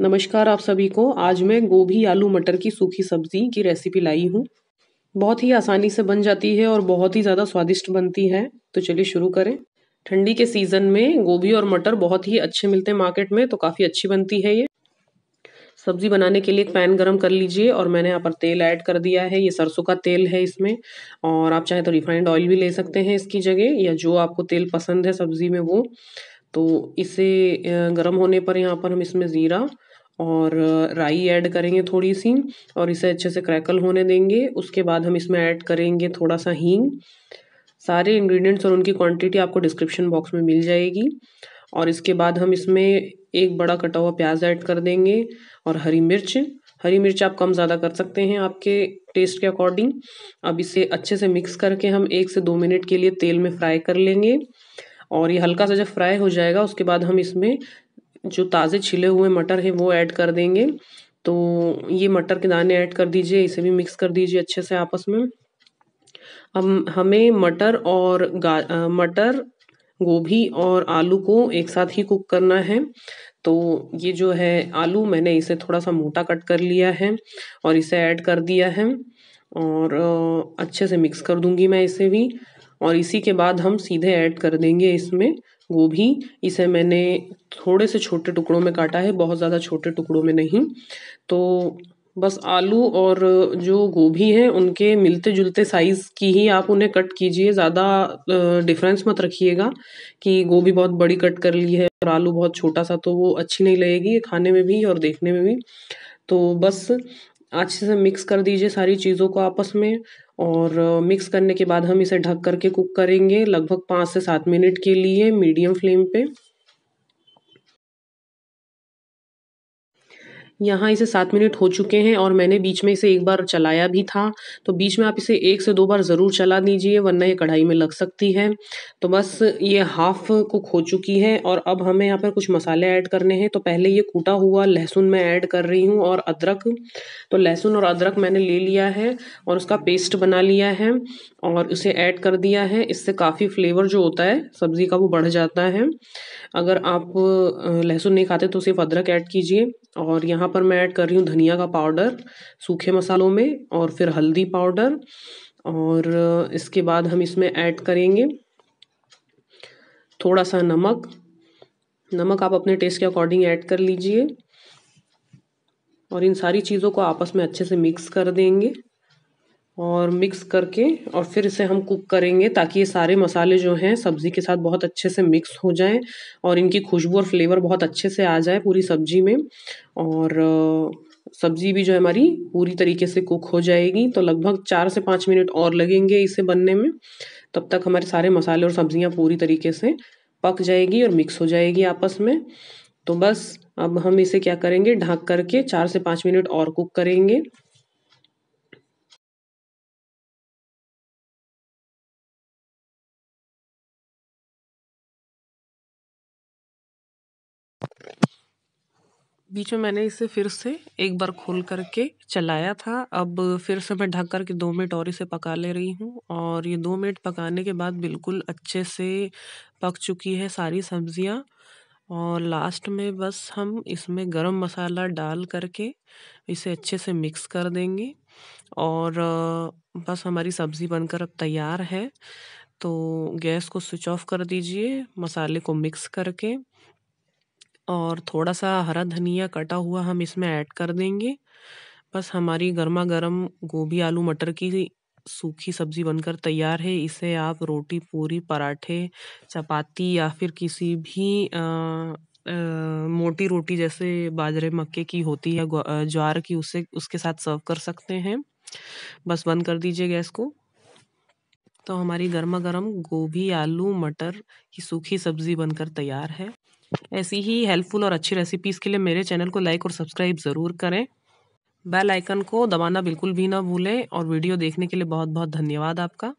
नमस्कार आप सभी को आज मैं गोभी आलू मटर की सूखी सब्जी की रेसिपी लाई हूँ बहुत ही आसानी से बन जाती है और बहुत ही ज़्यादा स्वादिष्ट बनती है तो चलिए शुरू करें ठंडी के सीज़न में गोभी और मटर बहुत ही अच्छे मिलते हैं मार्केट में तो काफ़ी अच्छी बनती है ये सब्जी बनाने के लिए एक पैन गरम कर लीजिए और मैंने यहाँ पर तेल ऐड कर दिया है ये सरसों का तेल है इसमें और आप चाहे तो रिफाइंड ऑयल भी ले सकते हैं इसकी जगह या जो आपको तेल पसंद है सब्ज़ी में वो तो इसे गरम होने पर यहाँ पर हम इसमें ज़ीरा और राई ऐड करेंगे थोड़ी सी और इसे अच्छे से क्रैकल होने देंगे उसके बाद हम इसमें ऐड करेंगे थोड़ा सा हींग सारे इंग्रेडिएंट्स और उनकी क्वांटिटी आपको डिस्क्रिप्शन बॉक्स में मिल जाएगी और इसके बाद हम इसमें एक बड़ा कटा हुआ प्याज ऐड कर देंगे और हरी मिर्च हरी मिर्च आप कम ज़्यादा कर सकते हैं आपके टेस्ट के अकॉर्डिंग अब इसे अच्छे से मिक्स करके हम एक से दो मिनट के लिए तेल में फ्राई कर लेंगे और ये हल्का सा जब फ्राई हो जाएगा उसके बाद हम इसमें जो ताज़े छिले हुए मटर हैं वो ऐड कर देंगे तो ये मटर के दाने ऐड कर दीजिए इसे भी मिक्स कर दीजिए अच्छे से आपस में अब हमें मटर और मटर गोभी और आलू को एक साथ ही कुक करना है तो ये जो है आलू मैंने इसे थोड़ा सा मोटा कट कर लिया है और इसे ऐड कर दिया है और अच्छे से मिक्स कर दूंगी मैं इसे भी और इसी के बाद हम सीधे ऐड कर देंगे इसमें वो भी इसे मैंने थोड़े से छोटे टुकड़ों में काटा है बहुत ज़्यादा छोटे टुकड़ों में नहीं तो बस आलू और जो गोभी हैं उनके मिलते जुलते साइज़ की ही आप उन्हें कट कीजिए ज़्यादा डिफरेंस मत रखिएगा कि गोभी बहुत बड़ी कट कर ली है और आलू बहुत छोटा सा तो वो अच्छी नहीं लगेगी खाने में भी और देखने में भी तो बस अच्छे से मिक्स कर दीजिए सारी चीज़ों को आपस में और मिक्स करने के बाद हम इसे ढक करके कुक करेंगे लगभग पाँच से सात मिनट के लिए मीडियम फ्लेम पे यहाँ इसे सात मिनट हो चुके हैं और मैंने बीच में इसे एक बार चलाया भी था तो बीच में आप इसे एक से दो बार ज़रूर चला दीजिए वरना ये कढ़ाई में लग सकती है तो बस ये हाफ़ कुक हो चुकी है और अब हमें यहाँ पर कुछ मसाले ऐड करने हैं तो पहले ये कूटा हुआ लहसुन मैं ऐड कर रही हूँ और अदरक तो लहसुन और अदरक मैंने ले लिया है और उसका पेस्ट बना लिया है और उसे ऐड कर दिया है इससे काफ़ी फ्लेवर जो होता है सब्ज़ी का वो बढ़ जाता है अगर आप लहसुन नहीं खाते तो सिर्फ अदरक ऐड कीजिए और यहाँ यहाँ पर मैं ऐड कर रही हूँ धनिया का पाउडर सूखे मसालों में और फिर हल्दी पाउडर और इसके बाद हम इसमें ऐड करेंगे थोड़ा सा नमक नमक आप अपने टेस्ट के अकॉर्डिंग ऐड कर लीजिए और इन सारी चीज़ों को आपस में अच्छे से मिक्स कर देंगे और मिक्स करके और फिर इसे हम कुक करेंगे ताकि ये सारे मसाले जो हैं सब्ज़ी के साथ बहुत अच्छे से मिक्स हो जाएं और इनकी खुशबू और फ्लेवर बहुत अच्छे से आ जाए पूरी सब्ज़ी में और सब्ज़ी भी जो है हमारी पूरी तरीके से कुक हो जाएगी तो लगभग चार से पाँच मिनट और लगेंगे इसे बनने में तब तक हमारे सारे मसाले और सब्ज़ियाँ पूरी तरीके से पक जाएगी और मिक्स हो जाएगी आपस में तो बस अब हम इसे क्या करेंगे ढाँक करके चार से पाँच मिनट और कुक करेंगे बीच में मैंने इसे फिर से एक बार खोल करके चलाया था अब फिर से मैं ढक करके दो मिनट और इसे पका ले रही हूँ और ये दो मिनट पकाने के बाद बिल्कुल अच्छे से पक चुकी है सारी सब्जियाँ और लास्ट में बस हम इसमें गरम मसाला डाल करके इसे अच्छे से मिक्स कर देंगे और बस हमारी सब्ज़ी बनकर अब तैयार है तो गैस को स्विच ऑफ कर दीजिए मसाले को मिक्स करके और थोड़ा-सा हरा धनिया कटा हुआ हम इसमें ऐड कर देंगे। बस हमारी गर्मा गर्म गोभी आलू मटर की सूखी सब्जी बनकर तैयार है। इसे आप रोटी पूरी पराठे चपाती या फिर किसी भी आ, आ, मोटी रोटी जैसे बाजरे मक्के की होती है ज्वार की उसे उसके साथ सर्व कर सकते हैं। बस बंद कर दीजिए गैस को। तो हमारी गर्मा गर्म गोभी आलू मटर की सूखी सब्जी बनकर तैयार है। ऐसी ही हेल्पफुल और अच्छी रेसिपीज़ के लिए मेरे चैनल को लाइक और सब्सक्राइब ज़रूर करें बेल आइकन को दबाना बिल्कुल भी ना भूलें और वीडियो देखने के लिए बहुत बहुत धन्यवाद आपका